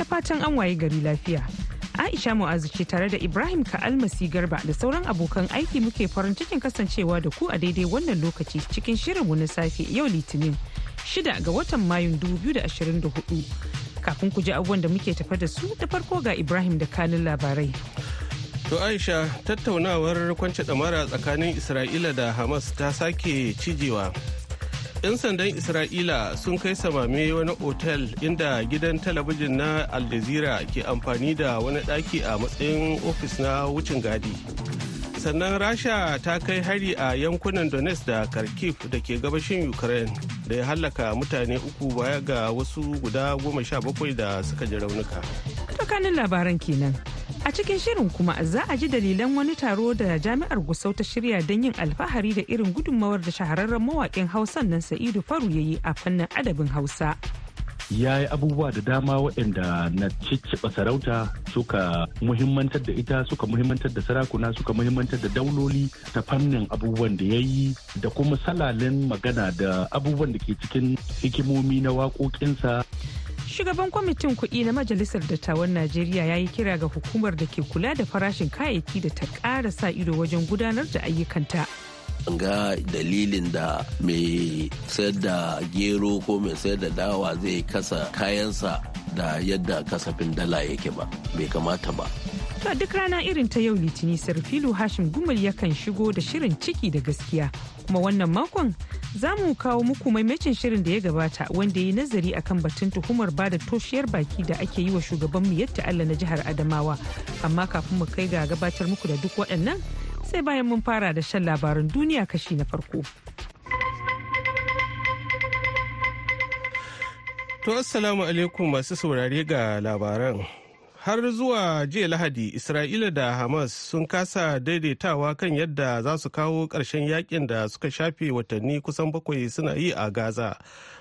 da fatan an waye gari lafiya. Aisha Mu'azu ce tare da Ibrahim Ka'almasi Garba da sauran abokan aiki muke farin cikin kasancewa da ku a daidai wannan lokaci cikin shirinmu na safe yau Litinin shida ga watan Mayun 2024. Kafin ku ji abubuwan da muke tafa da su da farko ga Ibrahim da kanin labarai. To Aisha tattaunawar kwance damara tsakanin Isra'ila da Hamas ta sake cijewa. 'Yan sandan Isra'ila sun kai samame wani otel inda gidan talabijin na Al Jazeera ke amfani da wani ɗaki a matsayin ofis na wucin gadi. Sannan Rasha ta kai hari a yankunan Donetsk da Kharkiv da ke gabashin Ukraine da ya hallaka mutane uku baya ga wasu guda goma sha bakwai da suka ji raunuka. Tsakanin labaran kenan. A cikin shirin kuma za a ji dalilan wani taro da jami'ar Gusau ta shirya don yin alfahari da irin gudunmawar da shahararren mawaƙin Hausan nan Sa'idu Faru ya yi a fannin adabin Hausa. Ya yi abubuwa da dama waɗanda na cicciɓa sarauta suka muhimmantar da ita suka muhimmantar da sarakuna suka muhimmantar da dauloli ta fannin abubuwan da ya yi da kuma salalin magana da abubuwan da ke cikin hikimomi na waƙoƙinsa. shugaban kwamitin kuɗi na majalisar dattawan najeriya ya yi kira ga hukumar da ke kula da farashin kayayyaki da ta ƙara sa ido wajen gudanar da ayyukanta ga dalilin da mai sayar da gero ko mai sayar da dawa zai kasa kayansa da yadda kasafin dala yake ba bai kamata ba To duk rana irin ta yau litini sarfilu Hashim Gumal yakan shigo da shirin ciki da gaskiya. Kuma wannan makon za mu kawo muku maimacin shirin da ya gabata wanda ya yi nazari akan batun tuhumar bada toshiyar baki da ake yi wa shugaban mu yadda Allah na jihar Adamawa. Amma kafin mu kai ga gabatar muku da duk waɗannan sai bayan mun fara da shan labaran duniya kashi na farko. To assalamu alaikum masu saurare ga labaran. har zuwa jiya lahadi isra'ila da hamas sun kasa daidaitawa kan yadda za su kawo ƙarshen yakin da suka shafe watanni kusan bakwai suna yi a gaza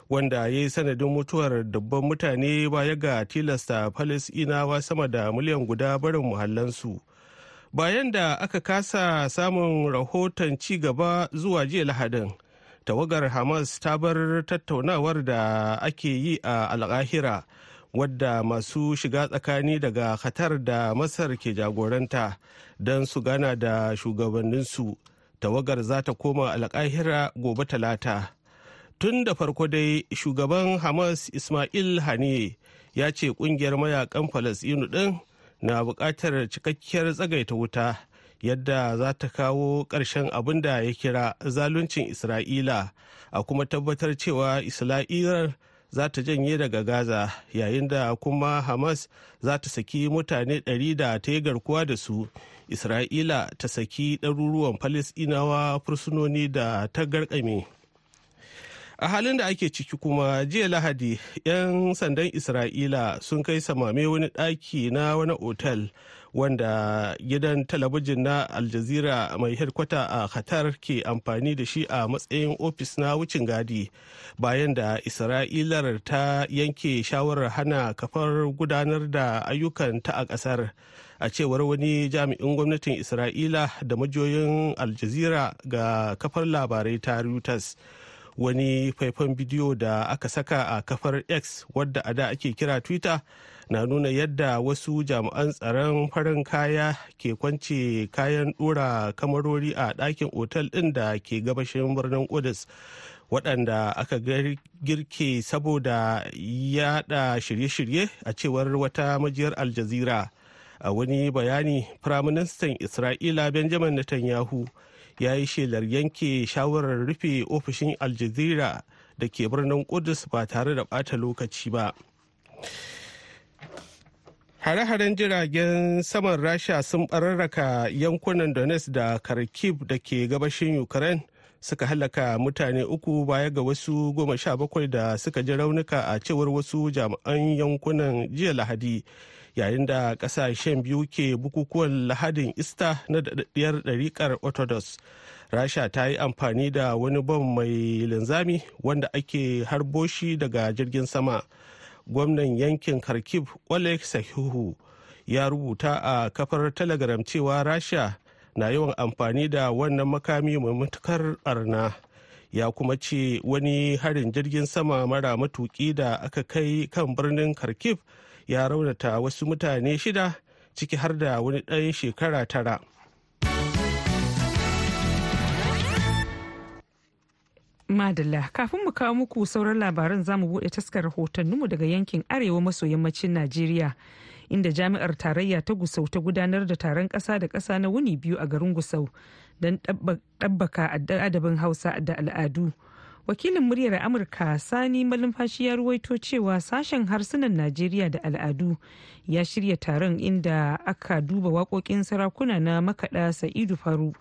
wanda ya yi sanadin mutuwar dubban mutane baya ga tilasta falasinawa sama da miliyan guda barin muhallansu bayan da aka kasa samun rahoton ci gaba zuwa jiya lahadin tawagar hamas ta bar tattaunawar da ake yi a al'ahira wadda masu shiga tsakani daga Qatar da Masar ke jagoranta don su gana da shugabanninsu. Tawagar za ta koma alƙahira gobe talata. Tun da farko dai shugaban Hamas Ismail Haniye ya ce kungiyar mayakan Falasɗinu ɗin na buƙatar cikakkiyar tsagaita wuta yadda za ta kawo ƙarshen abin da ya kira zaluncin Isra'ila a kuma tabbatar cewa Isra'ilar za ta janye daga gaza yayin da kuma hamas za ta saki mutane 100 da ta yi garkuwa da su isra'ila ta saki ɗaruruwan falisɗinawa fursunoni da ta garkame a halin da ake ciki kuma jiya lahadi 'yan sandan isra'ila sun kai samame wani ɗaki na wani otal wanda gidan talabijin na aljazira mai hedkwata a qatar ke amfani da shi a matsayin ofis na wucin gadi bayan da isra'ilar ta yanke shawarar hana kafar gudanar da ayyukan ta a ƙasar a cewar wani jami'in gwamnatin isra'ila da majoyin aljazira ga kafar labarai ta reuters wani faifan bidiyo da aka saka a kafar x wadda a da ake kira twitter na nuna yadda wasu jami'an tsaron farin kaya ke kwance kayan dora kamarori a ɗakin otal ɗin da ke gabashin birnin Odis, waɗanda aka girke saboda yada shirye-shirye a cewar wata majiyar aljazira a wani bayani firaministan isra'ila benjamin netanyahu ya yi shelar yanke shawarar rufe ofishin aljazira da ke birnin kudus ba tare da bata lokaci ba hare-haren jiragen saman rasha sun bararraka yankunan donetsk da kharkiv da ke gabashin ukraine suka halaka mutane uku baya ga wasu goma sha bakwai da suka ji raunuka a cewar wasu jami'an yankunan jiya lahadi yayin da kasashen biyu ke bukukuwan lahadin ista na daɗaɗɗiyar ɗariƙar orthodox rasha ta yi amfani da wani bom mai linzami wanda ake harbo shi daga jirgin sama gwamnan yankin kharkiv oleg sahihu ya rubuta a kafar telegram cewa rasha na yawan amfani da wannan makami mai matukar arna ya kuma ce wani harin jirgin sama mara matuki da aka kai kan birnin kharkiv ya raunata wasu mutane shida ciki har da wani ɗan shekara tara. Madalla kafin mu kawo muku sauran labaran zamu buɗe taskar rahotanninmu daga yankin arewa maso yammacin Najeriya inda jami'ar tarayya ta Gusau ta gudanar da taron ƙasa da ƙasa na wuni biyu a garin Gusau don ɗabbaka adabin Hausa da al'adu. wakilin muryar amurka sani malumfashi ya ruwaito cewa sashen harsunan najeriya da al'adu ya shirya taron inda aka duba wakokin sarakuna na makaɗa sa'idu faru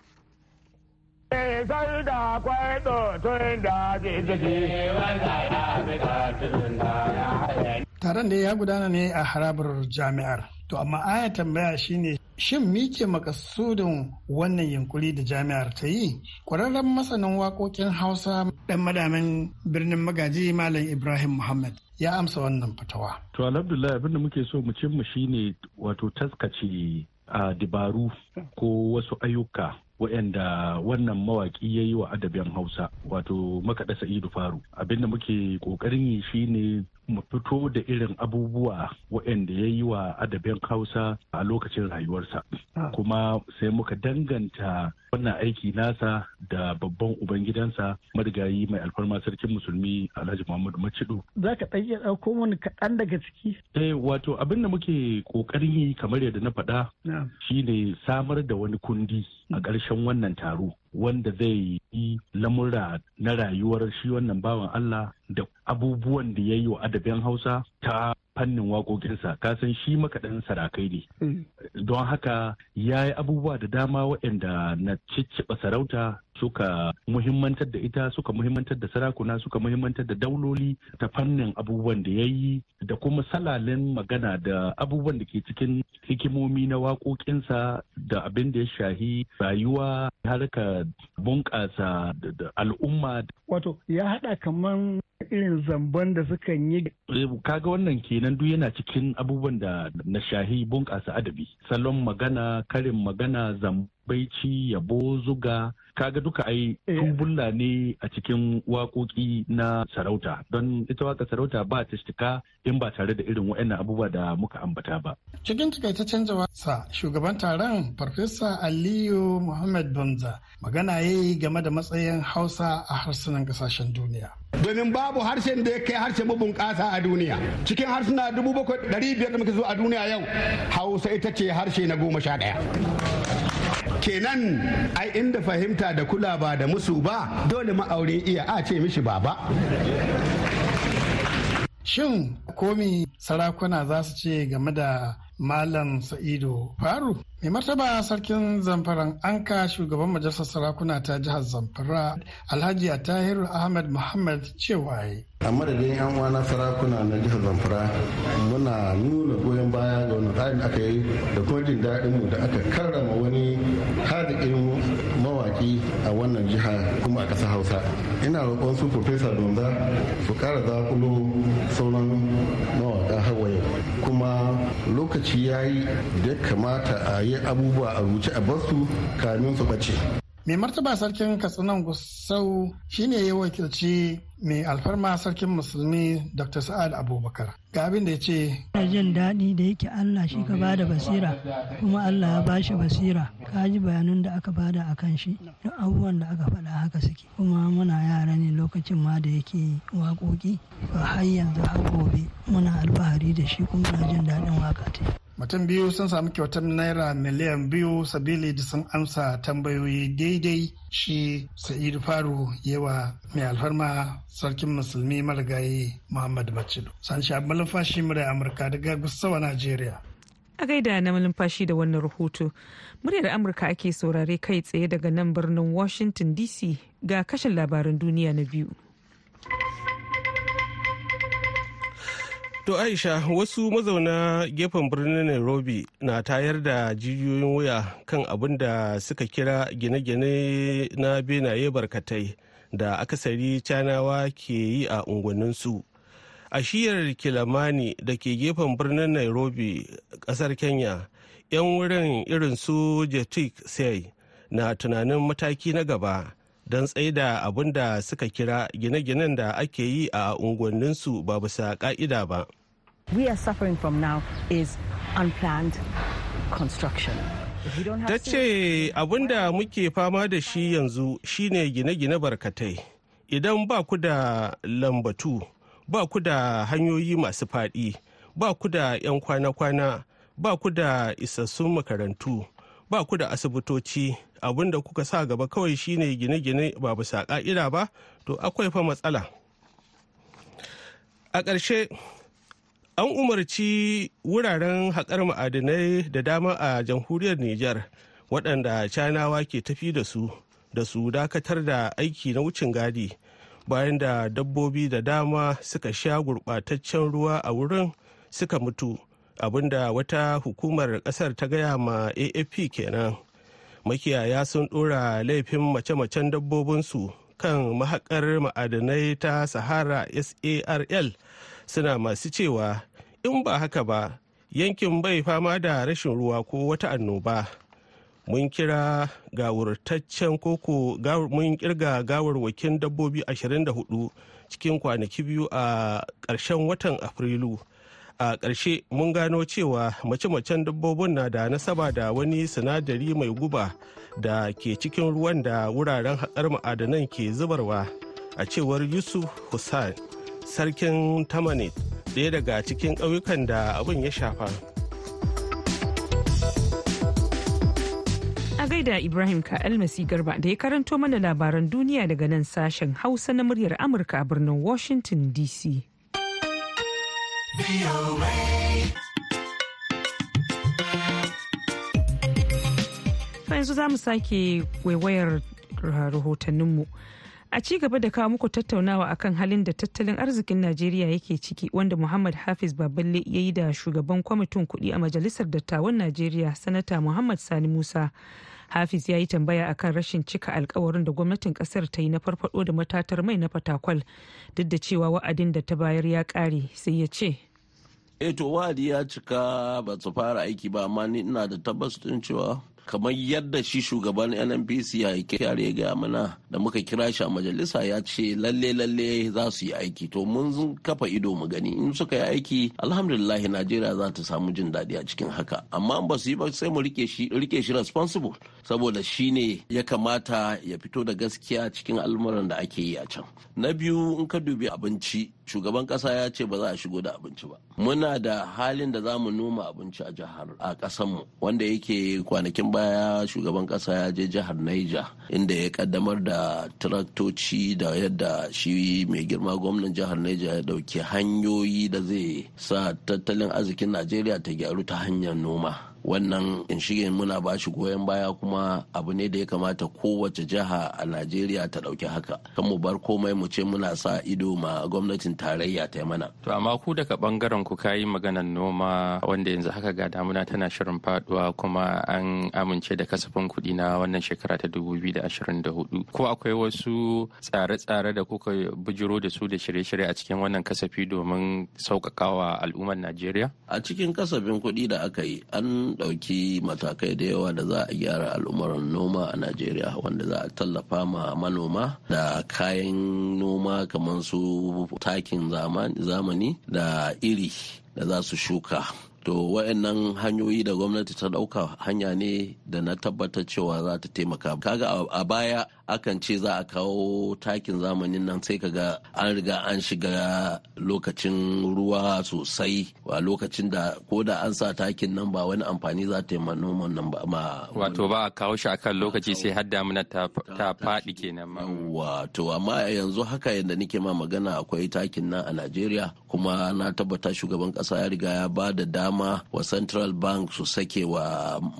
taron da ya gudana ne a harabar jami'ar to amma aya tambaya shine Shin mike makasudin wannan yankuri da jami'ar ta yi? Kwararren masanin waƙoƙin Hausa ɗan madamin birnin magaji Malam Ibrahim Muhammad ya amsa wannan fatawa. To alhamdulillah abin da muke so mu mu shine wato taskace a dabaru ko wasu ayyuka waɗanda wannan mawaƙi ya yi wa adabin hausa wato makaɗa sa'idu faru abinda muke ƙoƙarin yi shine mu fito da irin abubuwa waɗanda ya yi wa adabin hausa a lokacin rayuwarsa ah. kuma sai muka danganta wannan aiki nasa da babban ubangidansa marigayi mai alfarma sarkin musulmi alhaji muhammadu macidu za ka ɗan iya ɗauko wani kaɗan daga ciki eh wato abin da muke ƙoƙarin yi kamar yadda na faɗa shine samar da wani kundi a ƙarshen wannan taro wanda zai yi lamura na rayuwar shi wannan bawan Allah da abubuwan da ya yi wa adabin Hausa ta fannin waƙoƙinsa ka san shi makaɗin sarakai ne mm. don haka ya yi abubuwa da dama waɗanda na cicciɓa sarauta suka muhimmantar da ita suka muhimmantar da sarakuna suka muhimmantar da dauloli ta fannin abubuwan da ya yi da kuma salalin magana da abubuwan da ke cikin hikimomi na waƙoƙinsa da abin da ya shahi rayuwa harka bunƙasa al'umma. Wato ya haɗa kamar irin zamban da sukan yi. Eh, kaga wannan kenan duk yana cikin abubuwan da na shahi bunƙasa adabi. Salon magana, karin magana, zamban baici yabo zuga kaga duka ai eh. tubulla ne a cikin wakoki na sarauta don ita waka sarauta ba ta shika in ba tare da irin waɗannan abubuwa da muka ambata ba. Cikin takaitaccen wasa shugaban taron Farfesa Aliyu Muhammad Banza magana ya game da matsayin Hausa a harsunan kasashen duniya. Domin babu harshen da ya kai harshen kasa a duniya. Cikin harsuna dubu bakwai ɗari biyar da muke zuwa a duniya yau Hausa ita ce harshe na goma sha ɗaya. kenan ai inda fahimta da kula ba da musu ba dole ma'aurin iya a ce mishi baba shin komi sarakuna za su ce game da malam sa'ido faru mai martaba sarkin zamfaran anka shugaban majalisar sarakuna ta jihar zamfara alhaji a tahiru ahmad muhammad cewa a madadin yan na sarakuna na jihar zamfara muna nuna goyon baya ga wani tsarin aka yi da kuma jin daɗin mu da aka karrama wani hadikin mawaki a wannan jiha kuma a ƙasar hausa ina roƙon su profesa donza su ƙara zakulo sauran mawaka hawaye kuma lokaci ya yi da kamata a yi abubuwa a rubuce a basu kamin su ɓace mai martaba sarkin katsinan gusau shine ya wakilci mai alfarma sarkin musulmi dr sa'ad abubakar ga abin da ya ce ina jin daɗi da yake allah shi ka bada basira kuma allah ya bashi basira ka ji bayanan da aka bada a kan shi duk abubuwan da aka faɗa haka suke kuma muna yara ne lokacin ma da yake waƙoƙi ba har yanzu har gobe muna alfahari da shi kuma muna jin daɗin waƙa mutum biyu sun samu kyautar naira miliyan biyu sabili da sun amsa tambayoyi daidai shi sa'idu faru yawa mai alfarma sarkin musulmi marigayi muhammad bacido san sha malumfashi murai amurka daga gusawa najeriya a gaida na malumfashi da wannan rahoto muryar amurka ake saurare kai tsaye daga nan birnin washington dc ga kashin labaran duniya na biyu To Aisha wasu mazauna gefen birnin Nairobi na tayar da jijiyoyin wuya kan abin da suka kira gine-gine na benaye barkatai da akasari canawa ke yi a unguwanninsu. A shiyar Kilamani da ke gefen birnin Nairobi kasar Kenya, 'yan wurin irin su Jetik Sai na tunanin mataki na gaba don tsaida abin da suka kira gine-ginen da ake yi a unguwanninsu ba bisa ka'ida ba. we are suffering from now is unplanned construction. Ta ce da muke fama da shi yanzu shine gine-gine barkatai. Idan ba ku da lambatu, ba ku da hanyoyi masu faɗi, ba ku da 'yan kwana-kwana, ba ku da isassun makarantu, ba ku da asibitoci, da kuka sa gaba kawai shine gine-gine ba bisa ƙa'ida ba, to akwai fa matsala. A ƙarshe, an umarci wuraren haƙar ma'adinai da dama a jamhuriyar niger waɗanda canawa ke tafi da su da su dakatar da aiki na wucin gadi bayan da dabbobi da dama suka sha gurɓataccen ruwa a wurin suka mutu abinda wata hukumar ƙasar ta gaya ma afp kenan makiyaya sun ɗora laifin mace-macen dabbobinsu kan mahaƙar ma'adinai ta sahara sarl suna masu cewa in ba haka ba yankin bai fama da rashin ruwa ko wata annoba mun kira gawurtaccen koko mun kirga gawarwakin dabbobi 24 cikin kwanaki biyu a ƙarshen watan afrilu a ƙarshe mun gano cewa mace-macen dabbobin na da nasaba da wani sinadari mai guba da ke cikin ruwan da wuraren haƙar ma'adanan ke zubarwa a cewar yusuf hussain sarkin tamanit ɗaya daga cikin ƙauyukan da abin ya shafa. A gaida Ibrahim Ka'almasi Garba da ya karanto mana labaran duniya daga nan sashen Hausa na muryar Amurka a birnin Washington DC. yanzu za mu sake waiwayar rahotanninmu. mu. A ci gaba da kawo muku tattaunawa akan halin da tattalin arzikin Najeriya yake ciki wanda Muhammad Hafiz Baballe ya yi da shugaban kwamitin kuɗi a Majalisar Dattawan Najeriya Sanata Muhammad Sani Musa. Hafiz ya yi tambaya akan rashin cika alkawarin da gwamnatin kasar ta yi na farfado da matatar mai na fatakwal duk da cewa wa'adin da ta bayar ya kare sai ya ce. eto eh to wa'adi ya cika ba su fara aiki ba amma ni ina da tabbas cewa kamar yadda shi shugaban nnpc ya yi kyare ga mana da muka kira shi a majalisa ya ce lalle lalle za su yi aiki to mun kafa ido mu gani in suka yi aiki alhamdulillah najeriya za ta samu jin daɗi a cikin haka amma ba su yi ba sai mu rike shi rike shi responsible saboda shi ne ya kamata ya fito da gaskiya cikin al'amuran da ake yi a can na biyu in ka dubi abinci shugaban kasa ya ce ba za a shigo da abinci ba muna da halin da za mu noma abinci a jihar a kasanmu wanda yake kwanakin baya shugaban kasa ya je jihar Niger inda ya kaddamar da traktoci da yadda shi mai girma gwamnan jihar Niger ya dauki hanyoyi da zai sa tattalin arzikin Najeriya ta gyaru ta hanyar noma wannan in shige muna ba shi goyon baya kuma abu ne da ya kamata kowace jiha a najeriya ta ɗauki haka kan mu bar komai mu ce muna sa ido ma gwamnatin tarayya ta mana to amma ku daga bangaren ku kayi maganar noma wanda yanzu haka ga damuna tana shirin faduwa kuma an amince da kasafin kuɗi na wannan shekara ta 2024 ko akwai wasu tsare-tsare da kuka bujiro da su da shirye-shirye a cikin wannan kasafi domin sauƙaƙawa al'ummar najeriya a cikin kasafin kuɗi da aka yi an an ɗauki matakai da yawa da za a gyara al'ummar noma a najeriya wanda za a tallafa ma manoma da kayan noma kamar su takin zamani da iri da za su shuka to wa'annan hanyoyi da gwamnati ta ɗauka hanya ne da na tabbatar cewa za ta taimaka kaga a baya akan ce za a kawo takin zamanin nan sai kaga an riga an shiga lokacin ruwa sosai wa lokacin da ko da an sa takin nan ba wani amfani za ta yi ma nan ba ma wato ba a kawo shi akan lokaci sai har damuna ta faɗi kenan ma wato amma yanzu haka yadda nake ma magana akwai takin nan a Najeriya kuma na tabbata shugaban kasa ya riga ya ba da dama wa Central Bank su sake wa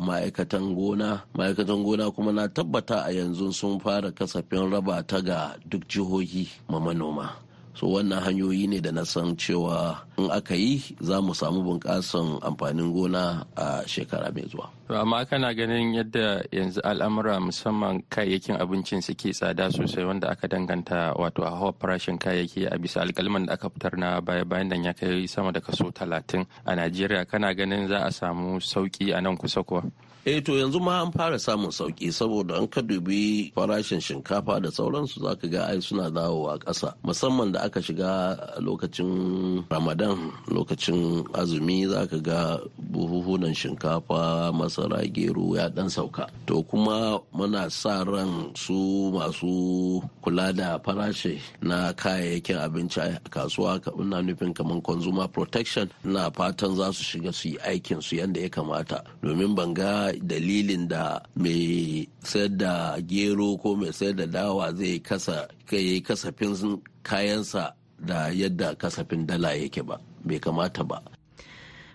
ma'aikatan gona ma'aikatan gona kuma na tabbata a yanzu sun fara tsara kasafin raba ta ga duk jihohi ma manoma so wannan hanyoyi ne da na san cewa in aka yi za mu samu bunƙasan amfanin gona a shekara mai zuwa amma kana ganin yadda yanzu al'amura musamman kayayyakin abincin suke tsada sosai wanda aka danganta wato a hawa farashin kayayyaki a bisa alkalman da aka fitar na baya bayan da ya kai sama da kaso talatin a najeriya kana ganin za a samu sauki a nan kusa kuwa eh to yanzu ma an fara samun sauki saboda an ka dubi farashin shinkafa da sauransu zaka ga ai suna dawowa kasa musamman da aka shiga lokacin ramadan lokacin azumi za ka ga buhuhunan shinkafa masara gero ya dan sauka to kuma muna sa ran su masu kula da farashi na kayayyakin abinci a kasuwa na nufin kamar consumer protection na fatan za su shiga su yi aikin su yadda ya kamata domin ban ga dalilin da mai sayar da gero ko mai sayar da dawa zai kasa kasafin kayansa da yadda kasafin dala yake ba bai kamata ba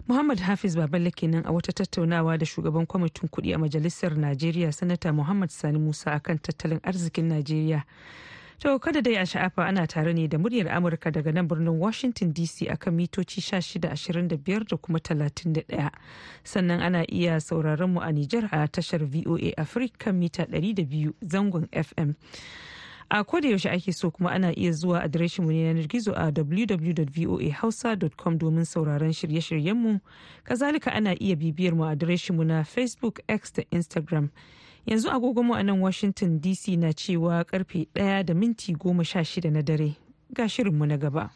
Muhammad Hafiz Baballe kenan a wata tattaunawa da shugaban kwamitin kuɗi a majalisar Najeriya sanata Muhammad Sani Musa akan tattalin arzikin Najeriya. To kada dai a sha'afa ana tare ne da muryar Amurka daga nan birnin Washington DC akan mitoci 1625 da kuma 31. Sannan ana iya sauraron mu a Nijar a tashar VOA Africa mita 200 zangon FM. a koda yaushe ake so kuma ana iya zuwa adireshinmu na yanar gizo a www.voahausa.com domin sauraron shirye-shiryenmu kazalika ana iya bibiyar mu adireshinmu na facebook x da instagram yanzu agogonmu a nan washington dc na cewa karfe 1 da minti 16 na dare ga shirinmu na gaba.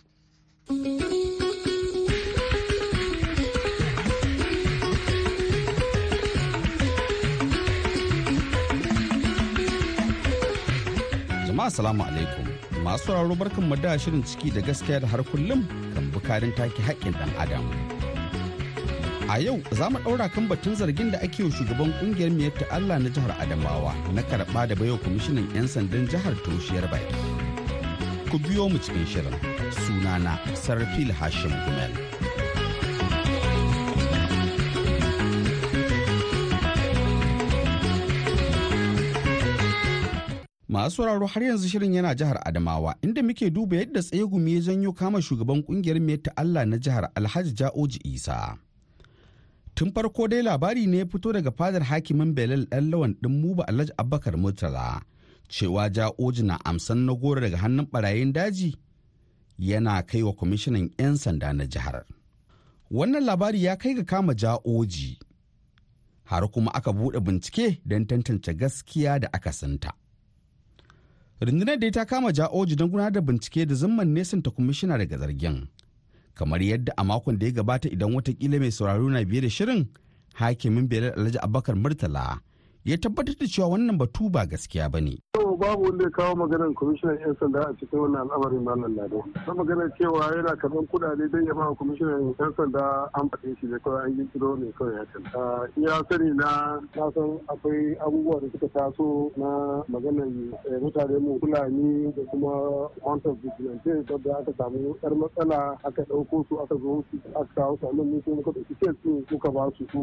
jama'a assalamu alaikum masu sauraro barkan mu da shirin ciki da gaskiya da har kullum kan bukarin take haƙƙin ɗan adam a yau za mu ɗaura kan batun zargin da ake wa shugaban ƙungiyar miyar Allah na jihar adamawa na karɓa da bayo kwamishinan 'yan sandan jihar toshiyar bai ku biyo mu cikin shirin sunana sarfil hashim gumel Masu sauraro har yanzu shirin yana jihar Adamawa inda muke duba yadda tsaye gumi ya janyo kama shugaban kungiyar Meta Allah na jihar Alhaji Ja'oji Isa. Tun farko dai labari ne ya fito daga fadar hakimin Belal lawan ɗin Muba Alhaji Abubakar Murtala cewa Ja'oji na amsan na goro daga hannun barayin daji yana kai wa kwamishinan 'yan sanda na jihar. Wannan labari ya kai ga kama Ja'oji har kuma aka buɗe bincike don tantance gaskiya da akasinta. rundunar da ta kama ja'oji don gudanar da bincike da zamman nesan ta kwamishina daga zargin kamar yadda a makon da ya gabata idan watakila mai sauraro na biye da shirin hakimin belal alhaji abakar murtala ya tabbatar da cewa wannan batu ba gaskiya ba ne. babu wanda ya kawo maganar kwamishinan 'yan sanda a cikin wannan al'amarin malam lado ta magana cewa yana karɓar kuɗaɗe don ya ba kwamishinan 'yan sanda an faɗe shi ne kawai an yi kiro ne kawai ya can ah, iya sani na na san akwai abubuwa da suka taso na maganar eh, mutane mu fulani da kuma wantar vigilante da aka samu yar matsala aka ɗauko su aka zo su aka kawo su a nan mutum muka ɗauki su muka ba su su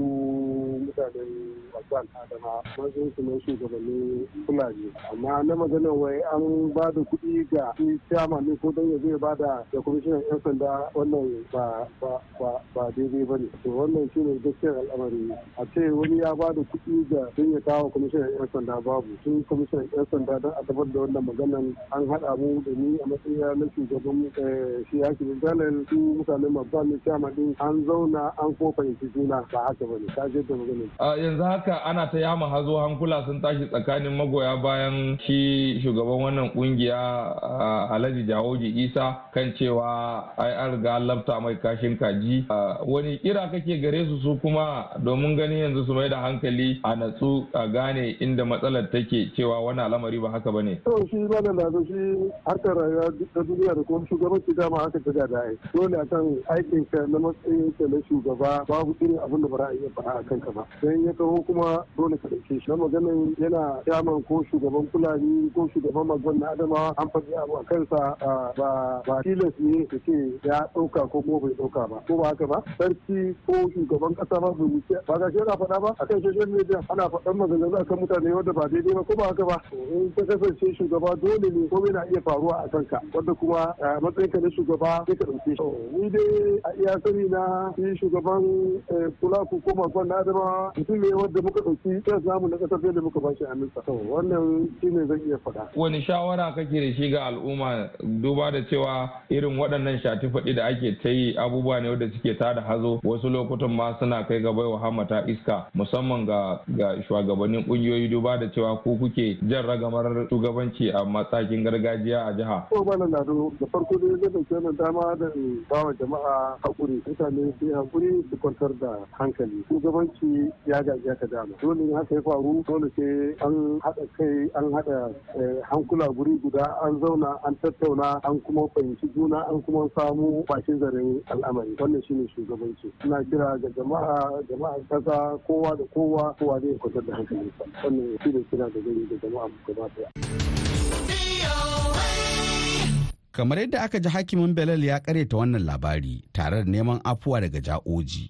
mutanen wasu adama su ne shugabannin fulani amma na magana wai an ba da kuɗi ga shi chairman ne ko don ya zai ba da da kwamishinan 'yan sanda wannan ba daidai ba ne to wannan shine gaskiyar al'amari a ce wani ya ba da kuɗi ga sun ya kawo kwamishinan yan sanda babu sun kwamishinan yan sanda don a tabbatar da wannan maganan an haɗa mu da ni a matsayin na shugaban eh, shi ya shirin dalil su mutanen mabba ne kyama an zauna an ko fahimci juna ba haka ba ne ka je da maganin. yanzu haka ana ta yama hazo hankula sun tashi tsakanin magoya bayan shi shugaban wannan kungiya ah, alhaji jawoji isa kan cewa ai an riga an mai kashin kaji ah, wani kira kake gare su su kuma domin ganin yanzu su mai da hankali a natsu a gane inda matsalar take cewa wani alamari ba haka bane to shi ba da shi harkar rayuwa ta duniya da kuma shugabanci dama haka ta gada yi. dole akan aikin ka na matsayin ka na shugaba babu irin abin da ba za a iya faɗa a kanka ba dan ya kawo kuma dole ka dauke shi na maganin yana kyaman ko shugaban kulani ko shugaban magwan na adamawa an faɗi abu a kansa ba ba tilas ne ka ce ya ɗauka ko kuma bai ɗauka ba ko ba haka ba sarki ko shugaban kasa ba bai wuce ba ga shi faɗa ba akan social media ana faɗan a akan mutane wanda ba daidai ba ko ba haka ba in ka kasance shugaba dole ne komai na iya faruwa a kanka wanda kuma matsayin ka na shugaba sai ka ɗauke shi ni dai a iya sani na shi shugaban kula eh, ko makon na adama mutum ne wanda muka ɗauki kan namu na ƙasar da muka bashi aminsa wannan shi ne zan iya faɗa. wani shawara kake da shi ga al'umma duba da cewa irin waɗannan shatifaɗi da ake ta yi abubuwa ne wanda suke tada da hazo wasu lokutan ma suna kai ga baiwa hamata iska musamman ga ga shugabannin kungiyoyi duba da cewa ku kuke jan ragamar shugabanci a matsakin gargajiya a jiha. Ko malam Lado da farko dai zai dauke wannan dama da bawa jama'a hakuri mutane sai hakuri su kwantar da hankali shugabanci ya ya ka dama dole ne haka ya faru dole sai an haɗa kai an haɗa eh, hankula guri guda an zauna an tattauna an kuma fahimci juna an kuma samu bakin zaren al'amari wannan shine shi shugabanci ina kira ga jama'a jama'a kasa kowa da kowa kowa zai kwatar da hankalinsa wannan shi da kira da gari da jama'a gaba daya kamar yadda aka ji hakimin belal ya karyata wannan labari tare da neman afuwa daga ja'oji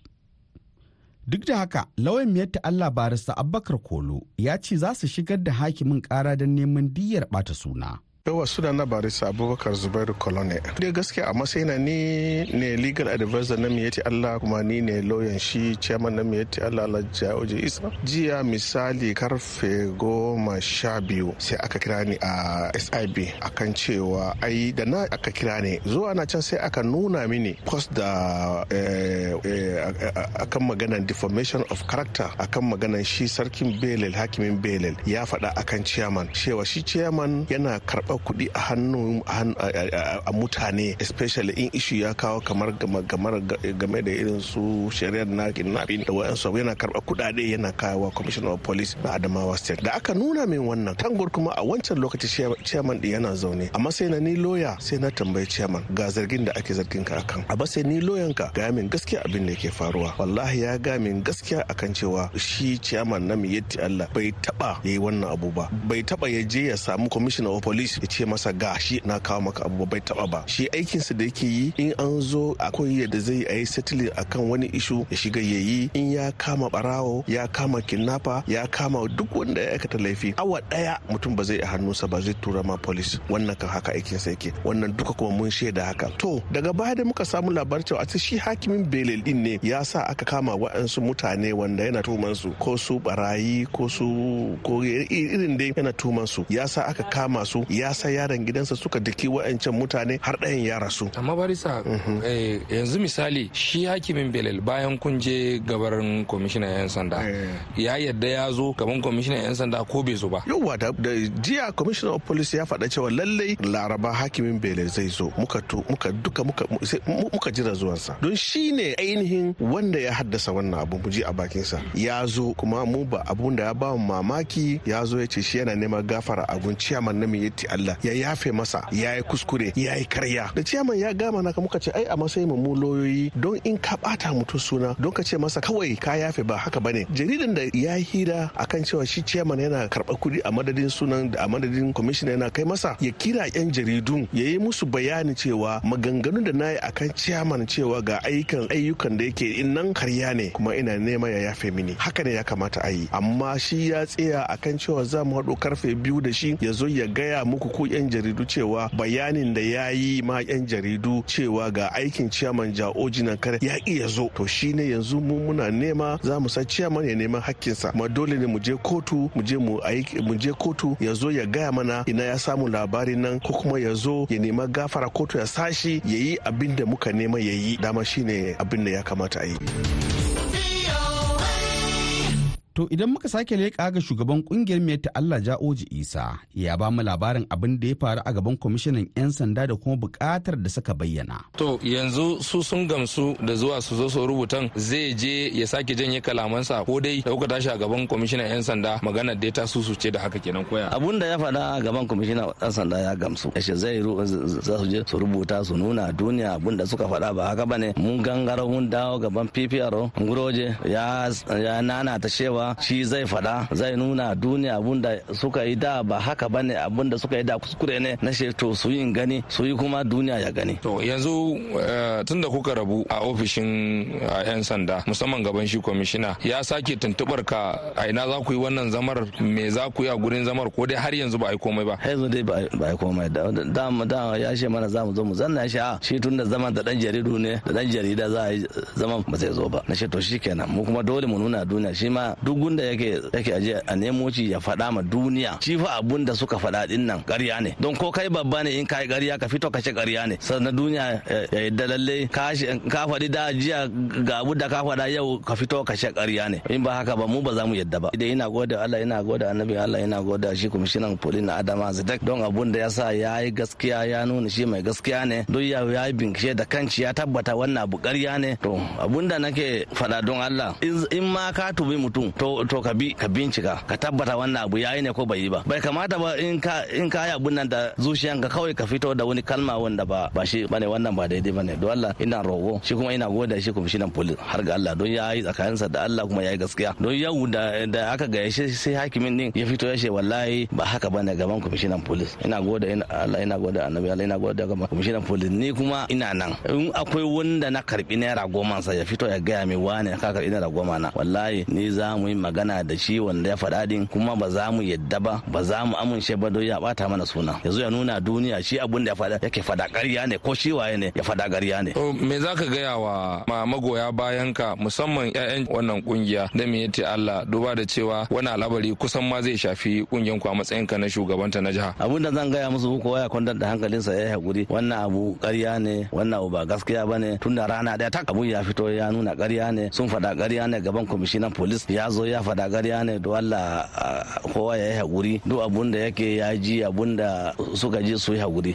duk da haka lauyan miyatta allah barista abubakar kolo ya ce za su shigar da hakimin kara don neman diyyar bata suna yawa suna na barisa abubakar zubairu colonel dai gaskiya a na ni ne legal advisor na miyati allah kuma ni ne lauyan shi chairman na miyati allah alhaji oje isa jiya misali karfe goma sha biyu sai aka kira ni a sib akan cewa ai da na aka kira ni zuwa na can sai aka nuna mini post da eh, eh, akan maganan deformation of character akan maganan shi sarkin belel hakimin belel ya faɗa akan chairman cewa shi chairman yana karɓar kuɗi a hannu a mutane especially in ishu ya kawo kamar game da irin su shari'ar na kidnapping da wayansu yana karba kuɗaɗe yana kawo commissioner of police na adamawa state da aka nuna min wannan tangor kuma a wancan lokaci chairman din yana zaune amma sai na ni loya sai na tambayi chairman ga zargin da ake zargin ka akan a sai ni loyan ka ga min gaskiya abin da yake faruwa wallahi ya ga min gaskiya akan cewa shi chairman na mi yatti Allah bai taba yayi wannan abu ba bai taba ya je ya samu commissioner of police ya ce masa gashi. shi na kawo maka abu bai taba ba shi aikinsa da yake yi in an zo akwai yadda zai yi settling akan wani ishu ya shiga ya yi in ya kama barawo ya kama kidnapper ya kama duk wanda ya aikata laifi awa daya mutum ba zai sa ba zai tura ma police wannan kan haka aikinsa yake wannan duka kuma mun shaida haka to daga baya da muka samu labarin cewa a shi hakimin belel din ne ya sa aka kama waɗansu mutane wanda yana tuman su ko su barayi ko su ko irin dai yana tuman su ya sa aka kama su ya sa yaron gidansa suka diki wa'ancan mutane har ɗayan ya rasu amma barisa mhm. eh, yanzu misali shi hakimin belel bayan kun je gabarin kwamishinan yan sanda eh. ya yadda ya zo gaban kwamishinan yan sanda ko bai zo ba yauwa da jiya kwamishinan of police ya faɗa cewa lallai laraba hakimin belel zai zo muka to muka duka muka jira zuwansa don shi ne ainihin wanda ya haddasa wannan abu mu ji a bakinsa ya zo kuma mu ba abun da ya ba mamaki ya zo ya ce shi yana neman gafara abun ciyaman na mai Allah ya yafe masa ya yi kuskure ya yi karya da ciyaman ya gama na muka ce ai a matsayin mu loyoyi don in ka bata mutum suna don ka ce masa kawai ka yafe ba haka bane jaridan da ya hira akan cewa shi ciyaman yana karɓar kuɗi a madadin sunan da a madadin kwamishina yana kai masa ya kira yan jaridun ya yi musu bayani cewa maganganun da na yi akan ciyaman cewa ga ayyukan ayyukan da yake in nan karya ne kuma ina nema ya yafe mini haka ne ya kamata a yi amma shi ya tsaya akan cewa za mu haɗo karfe biyu da shi ya zo ya gaya muku ku 'yan jaridu cewa bayanin da ya yi ma 'yan jaridu cewa ga aikin ciyaman ja-oji nan kare ya iya zo to shi ne yanzu mu muna nema za mu san ciyaman ya neman hakkinsa kuma dole ne mu je kotu mu je mu je kotu ya zo ya gaya mana ina ya samu labarin nan ko kuma ya zo ya nema gafara kotu ya sashi ya yi abin da muka nema ya yi dama ne abin da ya kamata a yi. To idan muka sake leƙa ga shugaban kungiyar mai Allah Ja'oji Isa ya ba mu labarin abin da ya faru a gaban kwamishinan 'yan sanda da kuma buƙatar da suka bayyana. To yanzu su sun gamsu da zuwa su zo su rubutan zai je ya sake janye kalamansa ko dai da kuka tashi a gaban kwamishinan 'yan sanda magana da ta susu ce da haka kenan koya. Abun da ya faɗa a gaban kwamishinan 'yan sanda ya gamsu. Yace zai za su je su rubuta su nuna duniya abun da suka faɗa ba haka bane mun gangara mun dawo gaban PPR Nguroje ya nana ta shewa shi zai faɗa zai nuna duniya abun da suka yi da ba haka ba ne abun da suka yi da kuskure ne na to su yin gani su yi kuma duniya ya gani. to yanzu eh, tun da kuka rabu a ofishin eh, 'yan sanda musamman gaban shi kwamishina ya sake tuntubar ka a ina za ku yi wannan zamar me za ku yi a gurin zamar ko dai har yanzu ba a yi komai ba. yanzu dai ba a yi komai da da ya ce mana za mu zo mu zanna shi a ah, shi tun da zaman da dan jaridu ne da dan jarida za a yi zaman ba zai zo ba na shi to shi kenan mu kuma dole mu nuna duniya shi ma duk dugun da yake yake aje a nemo shi ya faɗa ma duniya shi fa abun da suka faɗa din nan ƙarya ne don ko kai babba ne in kai ƙarya ka fito kashe ƙarya ne sannan duniya ya yi dalalle ka faɗi da jiya ga abu da ka faɗa yau ka fito kashe ƙarya ne in ba haka ba mu ba za mu yadda ba idan ina goda Allah ina goda annabi Allah ina goda shi poli na Adama Zadak don abun da ya sa ya yi gaskiya ya nuna shi mai gaskiya ne duk ya yi bincike da kanci ya tabbata wannan abu ƙarya ne to abun da nake faɗa don Allah in ma ka tubi mutum to to to ka bi ka bincika ka tabbata wannan abu yayi ne ko bai yi ba bai kamata ba in ka in ka yi abun nan da ka kawai ka fito da wani kalma wanda ba ba shi bane wannan ba daidai bane don Allah ina rogo shi kuma ina goda shi kuma shi nan police har ga Allah don yayi tsakaninsa da Allah kuma yayi gaskiya don yau da da aka ga shi sai hakimin din ya fito ya ce wallahi ba haka bane gaban nan police ina goda ina Allah ina goda annabi Allah ina goda gaban nan police ni kuma ina nan in akwai wanda na karbi naira goma sa ya fito ya ya mai wane ka karbi naira goma na wallahi ni za mu yi yi magana da shi wanda ya faɗa din kuma ba za mu yadda ba ba za mu amince ba don ya bata mana suna yanzu ya nuna duniya shi abun da ya faɗa yake faɗa ƙarya ne ko shi waye ne ya faɗa ƙarya ne. me za ka gaya wa ma magoya bayan ka musamman 'ya'yan wannan kungiya da me yace Allah duba da cewa wani alabari kusan ma zai shafi kungiyan ku a matsayin ka na shugabanta na jiha. abun da zan gaya musu kowa ya kwantar da sa ya hakuri wannan abu ƙarya ne wannan abu ba gaskiya bane ne tunda rana daya tak abun ya fito ya nuna ƙarya ne sun faɗa ƙarya ne gaban kwamishinan polis ya zo ya faɗa ƙarya ne to Allah kowa ya yi haƙuri duk abun da yake ya ji abun da suka ji su yi haƙuri.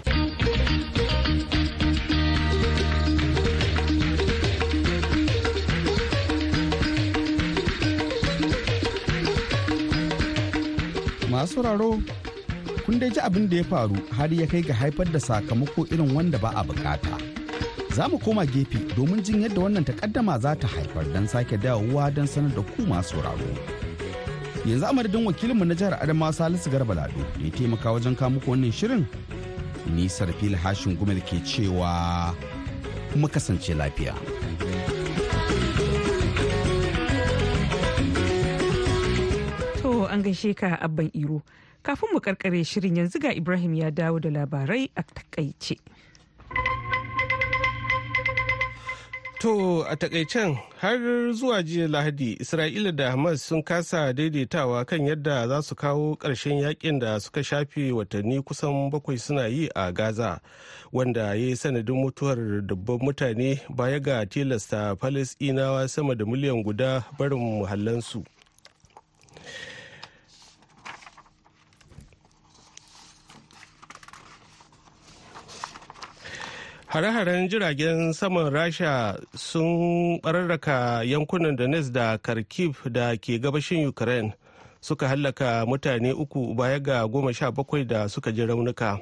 masu raro kun dai ji abin da ya faru har ya kai ga haifar da sakamako irin wanda ba a bukata. za mu koma gefe domin jin yadda wannan takaddama za ta haifar don sake dawowa don sanar da ku sauraro. Yanzu a madadin wakilinmu na jihar Adama Salisu Garba Lado da ya taimaka wajen muku wannan shirin. nisar Sarfil Hashin Gumel ke cewa kuma kasance lafiya. To an gaishe ka abban iro. Kafin mu karkare shirin yanzu ga Ibrahim ya dawo da labarai a takaice. To a takaicen har zuwa jiya Lahadi Isra'ila da Hamas sun kasa daidaitawa kan yadda za su kawo ƙarshen yakin da suka shafe watanni kusan bakwai suna yi a Gaza wanda ya yi sanadin mutuwar dubban mutane baya ga tilasta Falasɗinawa sama da miliyan guda barin muhallansu. Hare-haren jiragen saman Rasha sun bararraka yankunan Donetsk da Kharkiv da ke gabashin Ukraine suka hallaka mutane uku baya ga goma sha bakwai da suka ji raunuka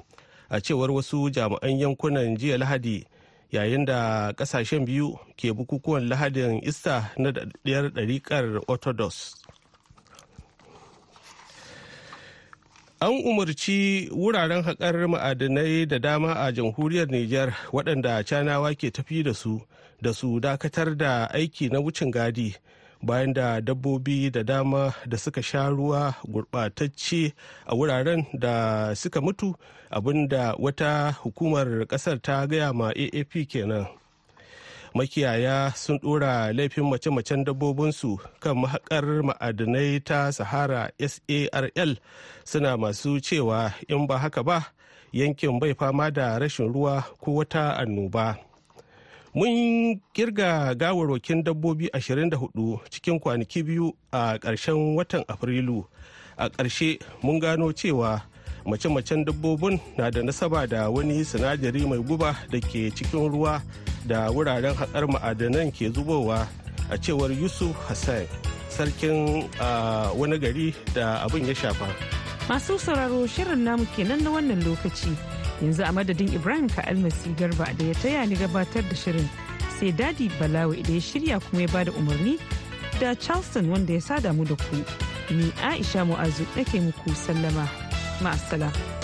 a cewar wasu jami'an yankunan jiya Lahadi yayin da kasashen biyu ke bukukuwan Lahadin Ista na daɗaɗɗiyar ɗariƙar Orthodox. An umarci wuraren haƙar ma'adinai da dama a jamhuriyar Niger waɗanda canawa ke tafi da su da su dakatar da aiki na wucin gadi bayan da dabbobi da dama da suka sha ruwa gurɓatacce a wuraren da suka mutu abinda wata hukumar ƙasar ta gaya ma AAP kenan. makiyaya sun ɗora laifin mace-macen dabbobinsu kan mahaƙar ma'adinai ta sahara sarl suna masu cewa in ba haka ba yankin bai fama da rashin ruwa ko wata annoba mun girga gawarwakin dabbobi 24 cikin kwanaki biyu a ƙarshen watan afrilu a ƙarshe mun gano cewa mace-macen dabbobin na da nasaba da wani sinadari mai guba da ke cikin ruwa da wuraren haɗar ma'adanan ke zubowa a cewar yusuf hassan sarkin wani gari da abin ya shafa masu sauraro shirin namu kenan na wannan lokaci yanzu a madadin ibrahim ka garba da ya taya ni gabatar da shirin sai dadi balawi da ya shirya kuma ya bada umarni da charleston wanda ya sada mu da ku ni aisha mu'azu nake muku sallama مع السلامه